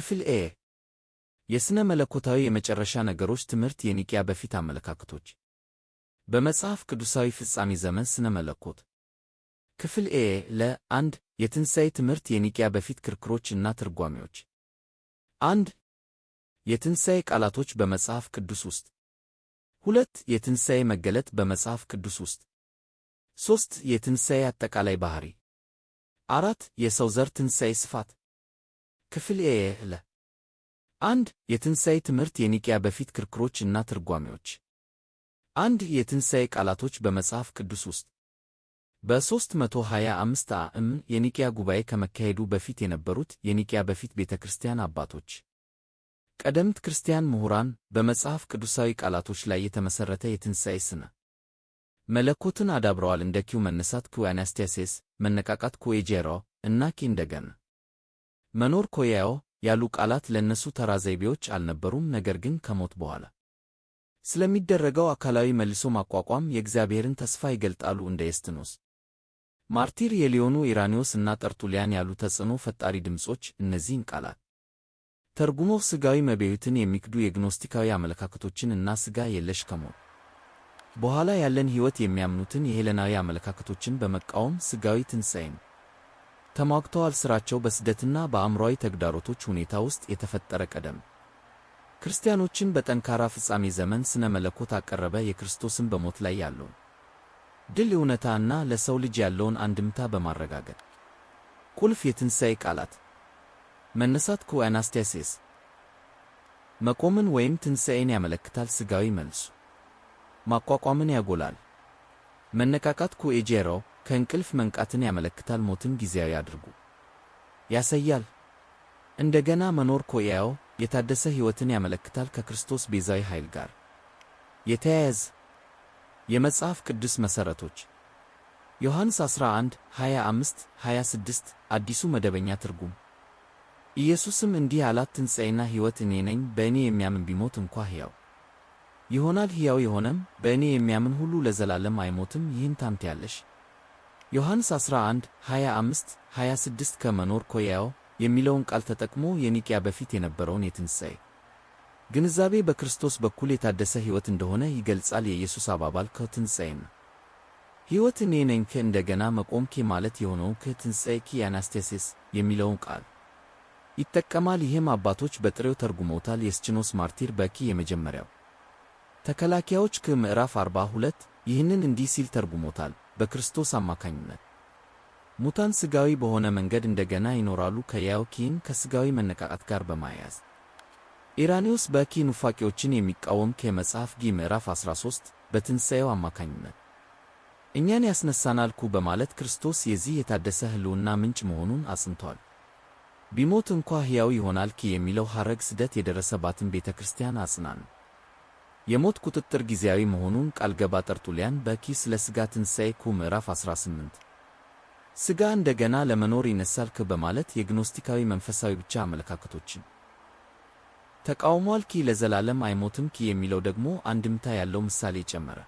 ክፍል ኤ የሥነ መለኮታዊ የመጨረሻ ነገሮች ትምህርት የኒቅያ በፊት አመለካከቶች በመጽሐፍ ቅዱሳዊ ፍጻሜ ዘመን ሥነ መለኮት ክፍል ኤ ለ አንድ የትንሣኤ ትምህርት የኒቅያ በፊት ክርክሮች እና ትርጓሜዎች አንድ የትንሣኤ ቃላቶች በመጽሐፍ ቅዱስ ውስጥ ሁለት የትንሣኤ መገለጥ በመጽሐፍ ቅዱስ ውስጥ ሦስት የትንሣኤ አጠቃላይ ባሕሪ አራት የሰው ዘር ትንሣኤ ስፋት ክፍል ኤ ለ አንድ የትንሣኤ ትምህርት የኒቅያ በፊት ክርክሮች እና ትርጓሜዎች። አንድ የትንሣኤ ቃላቶች በመጽሐፍ ቅዱስ ውስጥ በ325 ዓ.ም የኒቅያ ጉባኤ ከመካሄዱ በፊት የነበሩት የኒቅያ በፊት ቤተ ክርስቲያን አባቶች፣ ቀደምት ክርስቲያን ምሁራን በመጽሐፍ ቅዱሳዊ ቃላቶች ላይ የተመሠረተ የትንሣኤ ስነ መለኮትን አዳብረዋል። እንደ ኪው መነሳት፣ ኪው መነቃቃት፣ ኩዌ እና ኪ እንደገና መኖር ኮያዮ ያሉ ቃላት ለእነሱ ተራ ዘይቤዎች አልነበሩም። ነገር ግን ከሞት በኋላ ስለሚደረገው አካላዊ መልሶ ማቋቋም የእግዚአብሔርን ተስፋ ይገልጣሉ። እንደ ኤስትኖስ ማርቲር፣ የሊዮኑ ኢራኒዮስ እና ጠርቱሊያን ያሉ ተጽዕኖ ፈጣሪ ድምፆች እነዚህን ቃላት ተርጉሞ ሥጋዊ መቤዩትን የሚክዱ የግኖስቲካዊ አመለካከቶችን እና ሥጋ የለሽ ከሞት በኋላ ያለን ሕይወት የሚያምኑትን የሄለናዊ አመለካከቶችን በመቃወም ሥጋዊ ትንሣኤ ነው። ተሟግተዋል። ሥራቸው በስደትና በአእምሯዊ ተግዳሮቶች ሁኔታ ውስጥ የተፈጠረ ቀደም ክርስቲያኖችን በጠንካራ ፍጻሜ ዘመን ስነ መለኮት አቀረበ። የክርስቶስን በሞት ላይ ያለውን ድል እውነታና ለሰው ልጅ ያለውን አንድምታ በማረጋገጥ ቁልፍ የትንሣኤ ቃላት መነሳት ከአናስታሲስ መቆምን ወይም ትንሣኤን ያመለክታል። ሥጋዊ መልሱ ማቋቋምን ያጎላል። መነቃቃት ኩኤጄሮ ከእንቅልፍ መንቃትን ያመለክታል። ሞትን ጊዜያዊ አድርጉ ያሳያል። እንደገና መኖር ኮያዮ የታደሰ ሕይወትን ያመለክታል። ከክርስቶስ ቤዛዊ ኃይል ጋር የተያያዘ የመጽሐፍ ቅዱስ መሠረቶች ዮሐንስ 11 25 26 አዲሱ መደበኛ ትርጉም ኢየሱስም እንዲህ አላት፣ ትንሣኤና ሕይወት እኔ ነኝ። በእኔ የሚያምን ቢሞት እንኳ ሕያው ይሆናል። ሕያው የሆነም በእኔ የሚያምን ሁሉ ለዘላለም አይሞትም። ይህን ታምት ያለሽ ዮሐንስ 11 25 26 ከመኖር ኮያው የሚለውን ቃል ተጠቅሞ የኒቅያ በፊት የነበረውን የትንሣኤ ግንዛቤ በክርስቶስ በኩል የታደሰ ሕይወት እንደሆነ ይገልጻል። የኢየሱስ አባባል ከትንሣኤም ሕይወት እኔ ነኝ እንደገና መቆም ኬ ማለት የሆነው ከትንሣኤ ኪ አናስቴሲስ የሚለውን ቃል ይጠቀማል። ይህም አባቶች በጥሬው ተርጉመውታል። የስችኖስ ማርቲር በኪ የመጀመሪያው ተከላካዮች ከምዕራፍ 42 ይህንን እንዲህ ሲል ተርጉሞታል። በክርስቶስ አማካኝነት ሙታን ሥጋዊ በሆነ መንገድ እንደገና ይኖራሉ። ከያውኪን ከሥጋዊ መነቃቃት ጋር በማያያዝ ኢራኒዮስ በኪ ኑፋቄዎችን የሚቃወም ከመጽሐፍ ጊ ምዕራፍ 13 በትንሣኤው አማካኝነት እኛን ያስነሳናልኩ በማለት ክርስቶስ የዚህ የታደሰ ሕልውና ምንጭ መሆኑን አጽንቷል። ቢሞት እንኳ ሕያው ይሆናል ኪ የሚለው ሐረግ ስደት የደረሰባትን ቤተ ክርስቲያን አጽናን የሞት ቁጥጥር ጊዜያዊ መሆኑን ቃል ገባ። ጠርጡልያን በኪ ስለ ሥጋ ትንሣኤ ኩ ምዕራፍ 18 ሥጋ እንደገና ለመኖር ይነሳል ክ በማለት የግኖስቲካዊ መንፈሳዊ ብቻ አመለካከቶችን ተቃውሟል። ኪ ለዘላለም አይሞትም ኪ የሚለው ደግሞ አንድምታ ያለው ምሳሌ ጨመረ።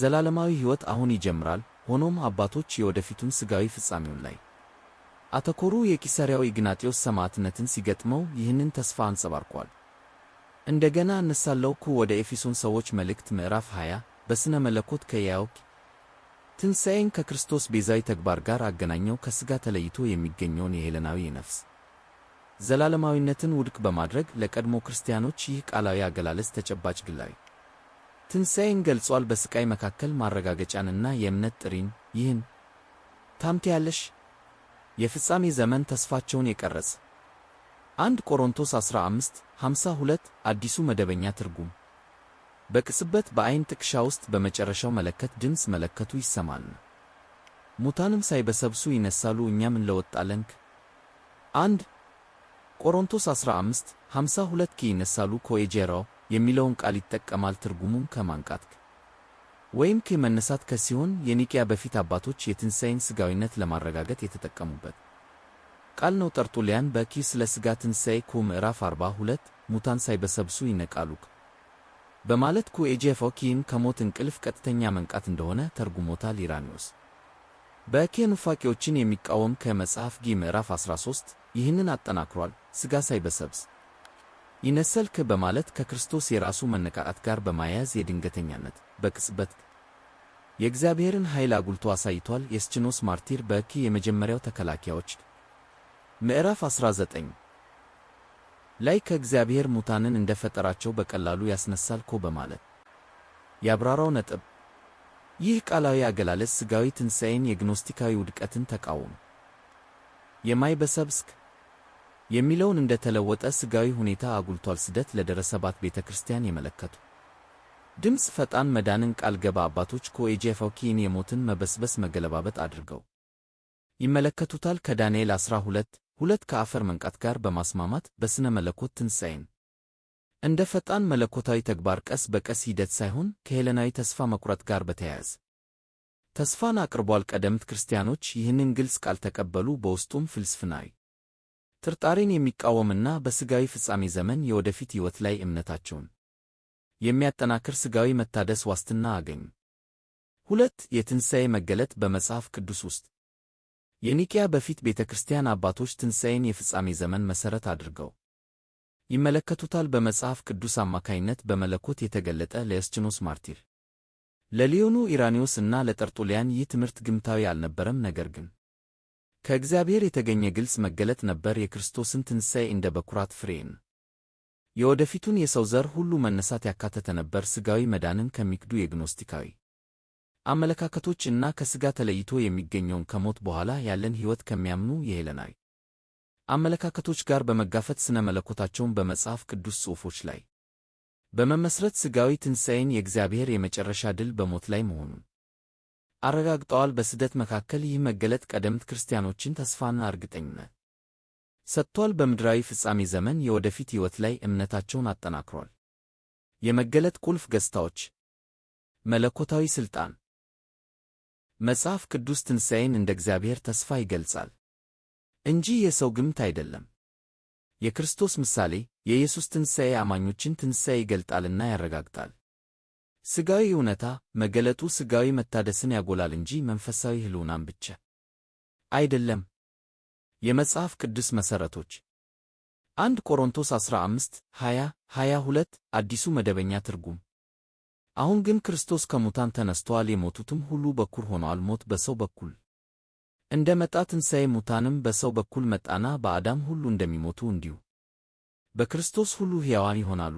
ዘላለማዊ ሕይወት አሁን ይጀምራል። ሆኖም አባቶች የወደፊቱን ሥጋዊ ፍጻሜውን ላይ አተኮሩ። የቂሳሪያው ኢግናጤዎስ ሰማዕትነትን ሲገጥመው ይህንን ተስፋ አንጸባርቋል። እንደገና እነሳለሁኩ ወደ ኤፌሶን ሰዎች መልእክት ምዕራፍ 20 በስነ መለኮት ከያውክ ትንሣኤን ከክርስቶስ ቤዛዊ ተግባር ጋር አገናኘው ከሥጋ ተለይቶ የሚገኘውን የሄለናዊ ነፍስ ዘላለማዊነትን ውድቅ በማድረግ ለቀድሞ ክርስቲያኖች ይህ ቃላዊ አገላለጽ ተጨባጭ ግላዊ ትንሣኤን ገልጿል። በሥቃይ መካከል ማረጋገጫንና የእምነት ጥሪን ይህን ታምቴ ያለሽ የፍጻሜ ዘመን ተስፋቸውን የቀረጸ አንድ ቆሮንቶስ 15 52 አዲሱ መደበኛ ትርጉም በቅጽበት በዐይን ጥቅሻ ውስጥ በመጨረሻው መለከት ድምፅ መለከቱ ይሰማል። ሙታንም ሳይበሰብሱ ይነሳሉ፣ እኛም እንለወጣለን። አንድ ቆሮንቶስ 15 52 ይነሳሉ ኮኤጄራው የሚለውን ቃል ይጠቀማል። ትርጉሙም ከማንቃት ወይም ከመነሳት ከሲሆን የኒቅያ በፊት አባቶች የትንሣኤን ሥጋዊነት ለማረጋገጥ የተጠቀሙበት ቃል ነው ጠርጡሊያን በኪ ስለ ሥጋ ትንሣኤ ኩ ምዕራፍ 42 ሙታን ሳይበሰብሱ ይነቃሉ በማለት ኩ ኤጄፎ ኪን ከሞት እንቅልፍ ቀጥተኛ መንቃት እንደሆነ ተርጉሞታል ኢራኒዎስ። በኬ ኑፋቄዎችን የሚቃወም ከመጽሐፍ ጊ ምዕራፍ 13 ይህንን አጠናክሯል። ሥጋ ሳይበሰብስ ይነሰልክ በማለት ከክርስቶስ የራሱ መነቃቃት ጋር በማያያዝ የድንገተኛነት በቅጽበት የእግዚአብሔርን ኃይል አጉልቶ አሳይቷል። የስችኖስ ማርቲር በኪ የመጀመሪያው ተከላካዮች ምዕራፍ 19 ላይ ከእግዚአብሔር ሙታንን እንደፈጠራቸው በቀላሉ ያስነሳል እኮ በማለት ያብራራው ነጥብ ይህ ቃላዊ አገላለጽ ሥጋዊ ትንሣኤን የግኖስቲካዊ ውድቀትን ተቃወሙ። የማይበሰብስክ የሚለውን እንደተለወጠ ሥጋዊ ሁኔታ አጉልቷል። ስደት ለደረሰባት ቤተ ክርስቲያን የመለከቱ ድምፅ ፈጣን መዳንን ቃል ገባ አባቶች ኮኤጄፋውኪን የሞትን መበስበስ መገለባበጥ አድርገው ይመለከቱታል። ከዳንኤል 12 ሁለት ከአፈር መንቃት ጋር በማስማማት በሥነ መለኮት ትንሣኤን እንደ ፈጣን መለኮታዊ ተግባር ቀስ በቀስ ሂደት ሳይሆን ከሄለናዊ ተስፋ መቁረጥ ጋር በተያያዘ ተስፋን አቅርቧል። ቀደምት ክርስቲያኖች ይህንን ግልጽ ቃል ተቀበሉ፣ በውስጡም ፍልስፍናዊ ጥርጣሬን የሚቃወምና በሥጋዊ ፍጻሜ ዘመን የወደፊት ሕይወት ላይ እምነታቸውን የሚያጠናክር ሥጋዊ መታደስ ዋስትና አገኙ። ሁለት የትንሣኤ መገለጥ በመጽሐፍ ቅዱስ ውስጥ የኒቅያ በፊት ቤተ ክርስቲያን አባቶች ትንሣኤን የፍጻሜ ዘመን መሠረት አድርገው ይመለከቱታል። በመጽሐፍ ቅዱስ አማካይነት በመለኮት የተገለጠ ለዮስጢኖስ ማርቲር፣ ለሊዮኑ ኢራኒዮስ እና ለጠርጡሊያን ይህ ትምህርት ግምታዊ አልነበረም፣ ነገር ግን ከእግዚአብሔር የተገኘ ግልጽ መገለጥ ነበር። የክርስቶስን ትንሣኤ እንደ በኩራት ፍሬን፣ የወደፊቱን የሰው ዘር ሁሉ መነሳት ያካተተ ነበር፣ ሥጋዊ መዳንን ከሚክዱ የግኖስቲካዊ አመለካከቶች እና ከሥጋ ተለይቶ የሚገኘውን ከሞት በኋላ ያለን ሕይወት ከሚያምኑ የሄለናዊ አመለካከቶች ጋር በመጋፈት ሥነ መለኮታቸውን በመጽሐፍ ቅዱስ ጽሑፎች ላይ በመመስረት ሥጋዊ ትንሣኤን የእግዚአብሔር የመጨረሻ ድል በሞት ላይ መሆኑን አረጋግጠዋል። በስደት መካከል ይህ መገለጥ ቀደምት ክርስቲያኖችን ተስፋና እርግጠኝነት ሰጥቷል። በምድራዊ ፍጻሜ ዘመን የወደፊት ሕይወት ላይ እምነታቸውን አጠናክሯል። የመገለጥ ቁልፍ ገጽታዎች መለኮታዊ ሥልጣን መጽሐፍ ቅዱስ ትንሣኤን እንደ እግዚአብሔር ተስፋ ይገልጻል እንጂ የሰው ግምት አይደለም። የክርስቶስ ምሳሌ የኢየሱስ ትንሣኤ አማኞችን ትንሣኤ ይገልጣልና ያረጋግጣል። ሥጋዊ እውነታ መገለጡ ሥጋዊ መታደስን ያጎላል እንጂ መንፈሳዊ ሕልውናን ብቻ አይደለም። የመጽሐፍ ቅዱስ መሠረቶች አንድ ቆሮንቶስ 15 20 22 አዲሱ መደበኛ ትርጉም አሁን ግን ክርስቶስ ከሙታን ተነስተዋል፣ የሞቱትም ሁሉ በኩር ሆኗል። ሞት በሰው በኩል እንደ መጣ ትንሣኤ ሙታንም በሰው በኩል መጣና በአዳም ሁሉ እንደሚሞቱ እንዲሁ በክርስቶስ ሁሉ ሕያዋን ይሆናሉ።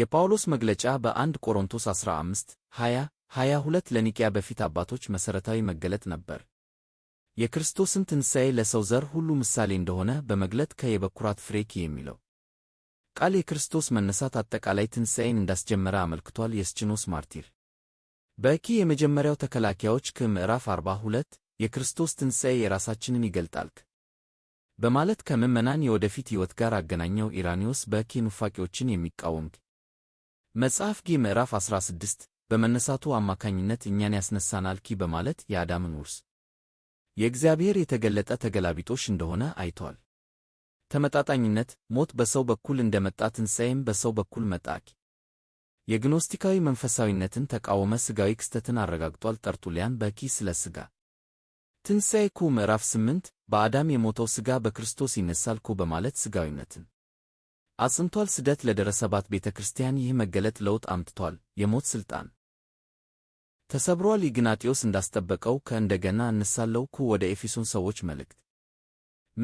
የጳውሎስ መግለጫ በአንድ ቆሮንቶስ 15 20 22 ለኒቅያ በፊት አባቶች መሠረታዊ መገለጥ ነበር። የክርስቶስን ትንሣኤ ለሰው ዘር ሁሉ ምሳሌ እንደሆነ በመግለጥ ከየበኩራት ፍሬ የሚለው ቃል የክርስቶስ መነሳት አጠቃላይ ትንሣኤን እንዳስጀመረ አመልክቷል። የስችኖስ ማርቲር በኪ የመጀመሪያው ተከላካዮች ከምዕራፍ 42 የክርስቶስ ትንሣኤ የራሳችንን ይገልጣልክ በማለት ከምዕመናን የወደፊት ሕይወት ጋር አገናኘው። ኢራኒዎስ በኪ ኑፋቂዎችን የሚቃወምክ መጽሐፍ ጊ ምዕራፍ 16 በመነሳቱ አማካኝነት እኛን ያስነሳናል ኪ በማለት የአዳምን ውርስ የእግዚአብሔር የተገለጠ ተገላቢጦሽ እንደሆነ አይቷል። ተመጣጣኝነት ሞት በሰው በኩል እንደመጣ ትንሣኤም በሰው በኩል መጣኪ የግኖስቲካዊ መንፈሳዊነትን ተቃወመ ሥጋዊ ክስተትን አረጋግጧል። ጠርቱሊያን በኪ ስለ ሥጋ ትንሣኤ ኩ ምዕራፍ ስምንት በአዳም የሞተው ሥጋ በክርስቶስ ይነሳል ኩ በማለት ሥጋዊነትን አጽንቷል። ስደት ለደረሰባት ቤተ ክርስቲያን ይህ መገለጥ ለውጥ አምጥቷል። የሞት ሥልጣን ተሰብሯል። ኢግናጢዮስ እንዳስጠበቀው ከእንደገና እንሳለው ኩ ወደ ኤፌሶን ሰዎች መልእክት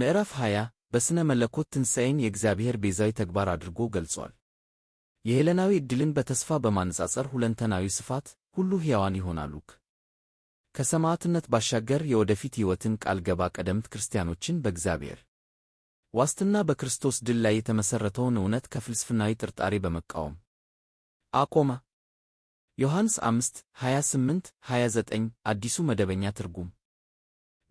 ምዕራፍ 20 በሥነ መለኮት ትንሣኤን የእግዚአብሔር ቤዛዊ ተግባር አድርጎ ገልጿል። የሄለናዊ ዕድልን በተስፋ በማነጻጸር ሁለንተናዊ ስፋት ሁሉ ሕያዋን ይሆናሉ። ከሰማዕትነት ባሻገር የወደፊት ሕይወትን ቃል ገባ ቀደምት ክርስቲያኖችን በእግዚአብሔር ዋስትና በክርስቶስ ድል ላይ የተመሠረተውን እውነት ከፍልስፍናዊ ጥርጣሬ በመቃወም አቆመ። ዮሐንስ 5 28 29 አዲሱ መደበኛ ትርጉም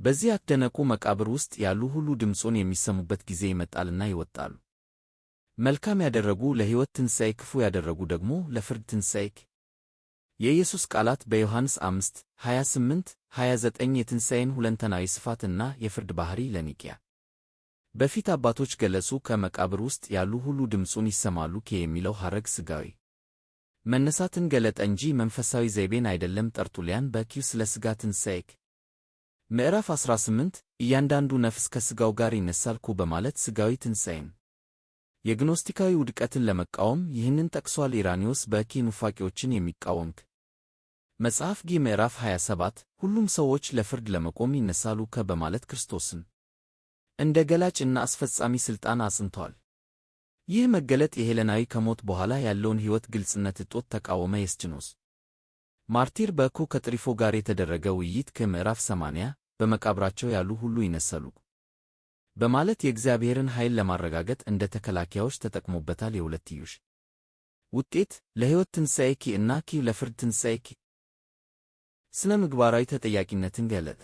በዚህ አትደነቁ፣ መቃብር ውስጥ ያሉ ሁሉ ድምፆን የሚሰሙበት ጊዜ ይመጣልና ይወጣሉ። መልካም ያደረጉ ለሕይወት ትንሣኤ፣ ክፉ ያደረጉ ደግሞ ለፍርድ ትንሣኤ። የኢየሱስ ቃላት በዮሐንስ 5 28 29 የትንሣኤን ሁለንተናዊ ስፋትና የፍርድ ባሕሪ ለኒቅያ በፊት አባቶች ገለጹ። ከመቃብር ውስጥ ያሉ ሁሉ ድምፁን ይሰማሉ ኬ የሚለው ሐረግ ሥጋዊ መነሳትን ገለጠ እንጂ መንፈሳዊ ዘይቤን አይደለም። ጠርጡልያን በኪው ስለ ሥጋ ትንሣኤክ ምዕራፍ 18 እያንዳንዱ ነፍስ ከሥጋው ጋር ይነሳልኩ በማለት ሥጋዊ ትንሣኤም የግኖስቲካዊ ውድቀትን ለመቃወም ይህንን ጠቅሷል። ኢራኒዎስ በሕኪ ኑፋቂዎችን የሚቃወምክ መጽሐፍ ጊ ምዕራፍ 27 ሁሉም ሰዎች ለፍርድ ለመቆም ይነሳሉ ከ በማለት ክርስቶስን እንደ ገላጭና አስፈጻሚ ሥልጣን አጽንቷል። ይህ መገለጥ የሄለናዊ ከሞት በኋላ ያለውን ሕይወት ግልጽነት እጦት ተቃወመ። የስችኖስ ማርቲር በኩ ከጥሪፎ ጋር የተደረገ ውይይት ከምዕራፍ 80 በመቃብራቸው ያሉ ሁሉ ይነሰሉ በማለት የእግዚአብሔርን ኃይል ለማረጋገጥ እንደ ተከላካዮች ተጠቅሞበታል። የሁለትዮሽ ውጤት ለሕይወት ትንሣኤ ኪ እና ኪ ለፍርድ ትንሣኤ ኪ ስነ ምግባራዊ ተጠያቂነትን ገለጠ።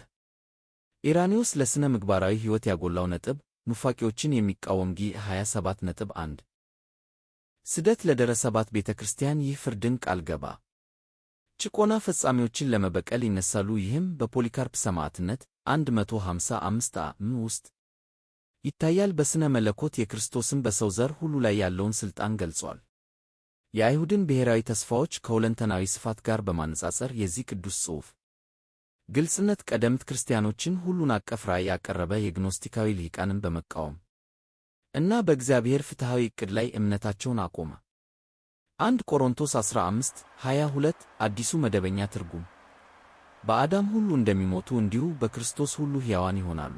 ኢራኒዎስ ለሥነ ምግባራዊ ሕይወት ያጎላው ነጥብ ኑፋቂዎችን የሚቃወም ጊ 27 ነጥብ 1 ስደት ለደረሰባት ቤተ ክርስቲያን ይህ ፍርድን ቃል ገባ። ጭቆና ፈጻሚዎችን ለመበቀል ይነሳሉ። ይህም በፖሊካርፕ ሰማዕትነት 155 ዓ.ም ውስጥ ይታያል። በሥነ መለኮት የክርስቶስን በሰው ዘር ሁሉ ላይ ያለውን ሥልጣን ገልጿል። የአይሁድን ብሔራዊ ተስፋዎች ከሁለንተናዊ ስፋት ጋር በማነጻጸር የዚህ ቅዱስ ጽሑፍ ግልጽነት ቀደምት ክርስቲያኖችን ሁሉን አቀፍ ራእይ ያቀረበ የግኖስቲካዊ ልሂቃንን በመቃወም እና በእግዚአብሔር ፍትሐዊ ዕቅድ ላይ እምነታቸውን አቆማ። አንድ ቆሮንቶስ 15 22 አዲሱ መደበኛ ትርጉም በአዳም ሁሉ እንደሚሞቱ እንዲሁ በክርስቶስ ሁሉ ሕያዋን ይሆናሉ።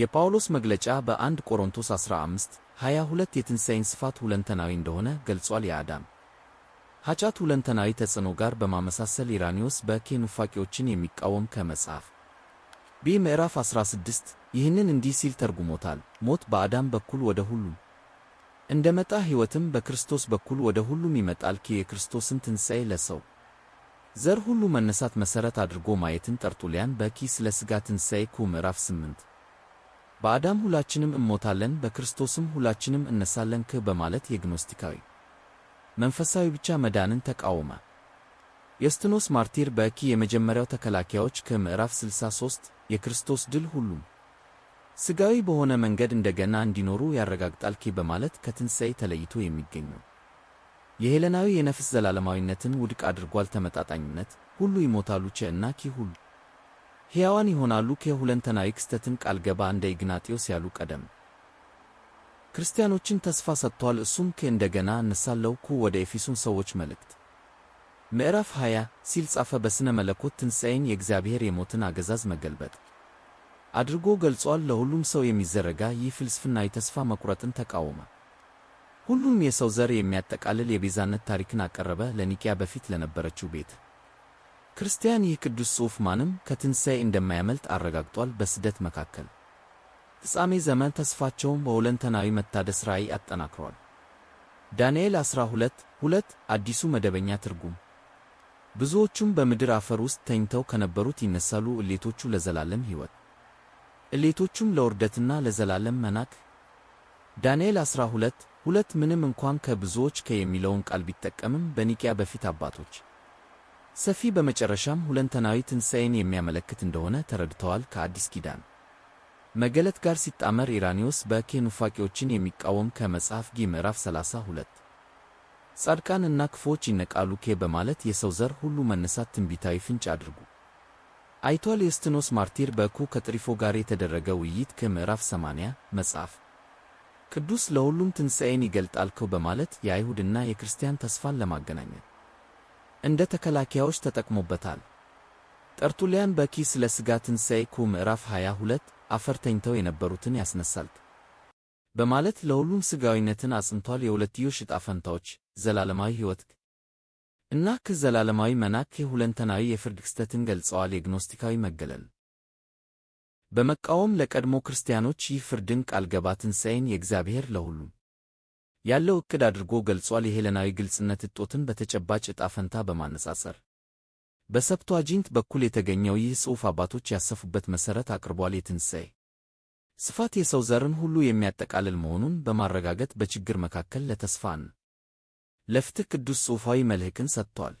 የጳውሎስ መግለጫ በአንድ ቆሮንቶስ 15 22 የትንሣኤን ስፋት ሁለንተናዊ እንደሆነ ገልጿል። የአዳም ኃጢአት ሁለንተናዊ ተጽዕኖ ጋር በማመሳሰል ኢራኒዎስ በኬ የሚቃወም ከመጽሐፍ ቢ ምዕራፍ 16 ይህንን እንዲህ ሲል ተርጉሞታል። ሞት በአዳም በኩል ወደ ሁሉም እንደመጣ ሕይወትም በክርስቶስ በኩል ወደ ሁሉም ይመጣል። ኪ የክርስቶስን ትንሣኤ ለሰው ዘር ሁሉ መነሳት መሠረት አድርጎ ማየትን ጠርጡልያን በኪ ስለ ሥጋ ትንሣኤ ኩ ምዕራፍ ስምንት በአዳም ሁላችንም እሞታለን በክርስቶስም ሁላችንም እነሳለን ክህ በማለት የግኖስቲካዊ መንፈሳዊ ብቻ መዳንን ተቃወመ። የስትኖስ ማርቲር በኪ የመጀመሪያው ተከላካዮች ከምዕራፍ ምዕራፍ 63 የክርስቶስ ድል ሁሉም ሥጋዊ በሆነ መንገድ እንደገና እንዲኖሩ ያረጋግጣል ኪ በማለት ከትንሣኤ ተለይቶ የሚገኝ ነው። የሄለናዊ የነፍስ ዘላለማዊነትን ውድቅ አድርጓል። ተመጣጣኝነት ሁሉ ይሞታሉ ቼ እና ኪ ሁሉ ሕያዋን ይሆናሉ ከሁለንተናዊ ክስተትን ቃል ገባ። እንደ ኢግናጢዮስ ያሉ ቀደም ክርስቲያኖችን ተስፋ ሰጥቷል። እሱም ከ እንደገና እነሳለሁ ኩ ወደ ኤፌሶን ሰዎች መልእክት ምዕራፍ 20 ሲል ጻፈ። በሥነ መለኮት ትንሣኤን የእግዚአብሔር የሞትን አገዛዝ መገልበጥ አድርጎ ገልጿል። ለሁሉም ሰው የሚዘረጋ ይህ ፍልስፍና የተስፋ መቁረጥን ተቃወመ። ሁሉም የሰው ዘር የሚያጠቃልል የቤዛነት ታሪክን አቀረበ። ለኒቅያ በፊት ለነበረችው ቤተ ክርስቲያን ይህ ቅዱስ ጽሑፍ ማንም ከትንሣኤ እንደማያመልጥ አረጋግጧል። በስደት መካከል ፍጻሜ ዘመን ተስፋቸውን በሁለንተናዊ መታደስ ራእይ አጠናክሯል። ዳንኤል 12 2 አዲሱ መደበኛ ትርጉም ብዙዎቹም በምድር አፈር ውስጥ ተኝተው ከነበሩት ይነሳሉ፣ እሌቶቹ ለዘላለም ሕይወት እሌቶቹም ለውርደትና ለዘላለም መናክ ዳንኤል 12 ሁለት ምንም እንኳን ከብዙዎች ከ የሚለውን ቃል ቢጠቀምም በኒቅያ በፊት አባቶች ሰፊ በመጨረሻም ሁለንተናዊ ትንሣኤን የሚያመለክት እንደሆነ ተረድተዋል። ከአዲስ ኪዳን መገለጥ ጋር ሲጣመር ኢራኒዎስ በኬ ኑፋቂዎችን የሚቃወም ከመጽሐፍ ጊ ምዕራፍ 32 ጻድቃን እና ክፎች ይነቃሉ ኬ በማለት የሰው ዘር ሁሉ መነሳት ትንቢታዊ ፍንጭ አድርጉ አይቷል። የስትኖስ ማርቲር በኩ ከጥሪፎ ጋር የተደረገ ውይይት ከምዕራፍ 80 መጽሐፍ ቅዱስ ለሁሉም ትንሣኤን ይገልጣልከው በማለት የአይሁድና የክርስቲያን ተስፋን ለማገናኘት እንደ ተከላካዮች ተጠቅሞበታል። ጠርቱሊያን በኪ ስለ ሥጋ ትንሣኤ ኩ ምዕራፍ 22 አፈር ተኝተው የነበሩትን ያስነሳል በማለት ለሁሉም ሥጋዊነትን አጽንቷል። የሁለትዮሽ ዕጣ ፈንታዎች ዘላለማዊ ሕይወት እና ከዘላለማዊ መናክ የሁለንተናዊ የፍርድ ክስተትን ገልጸዋል። የግኖስቲካዊ መገለል በመቃወም ለቀድሞ ክርስቲያኖች ይህ ፍርድን ቃል ገባ ትንሣኤን የእግዚአብሔር ለሁሉም ያለው ዕቅድ አድርጎ ገልጿል። የሄለናዊ ግልጽነት እጦትን በተጨባጭ ዕጣ ፈንታ በማነጻጸር በሰብቷጂንት በኩል የተገኘው ይህ ጽሑፍ አባቶች ያሰፉበት መሠረት አቅርቧል። የትንሣኤ ስፋት የሰው ዘርን ሁሉ የሚያጠቃልል መሆኑን በማረጋገጥ በችግር መካከል ለተስፋ لفتك الدس وفاي ملهكن ستال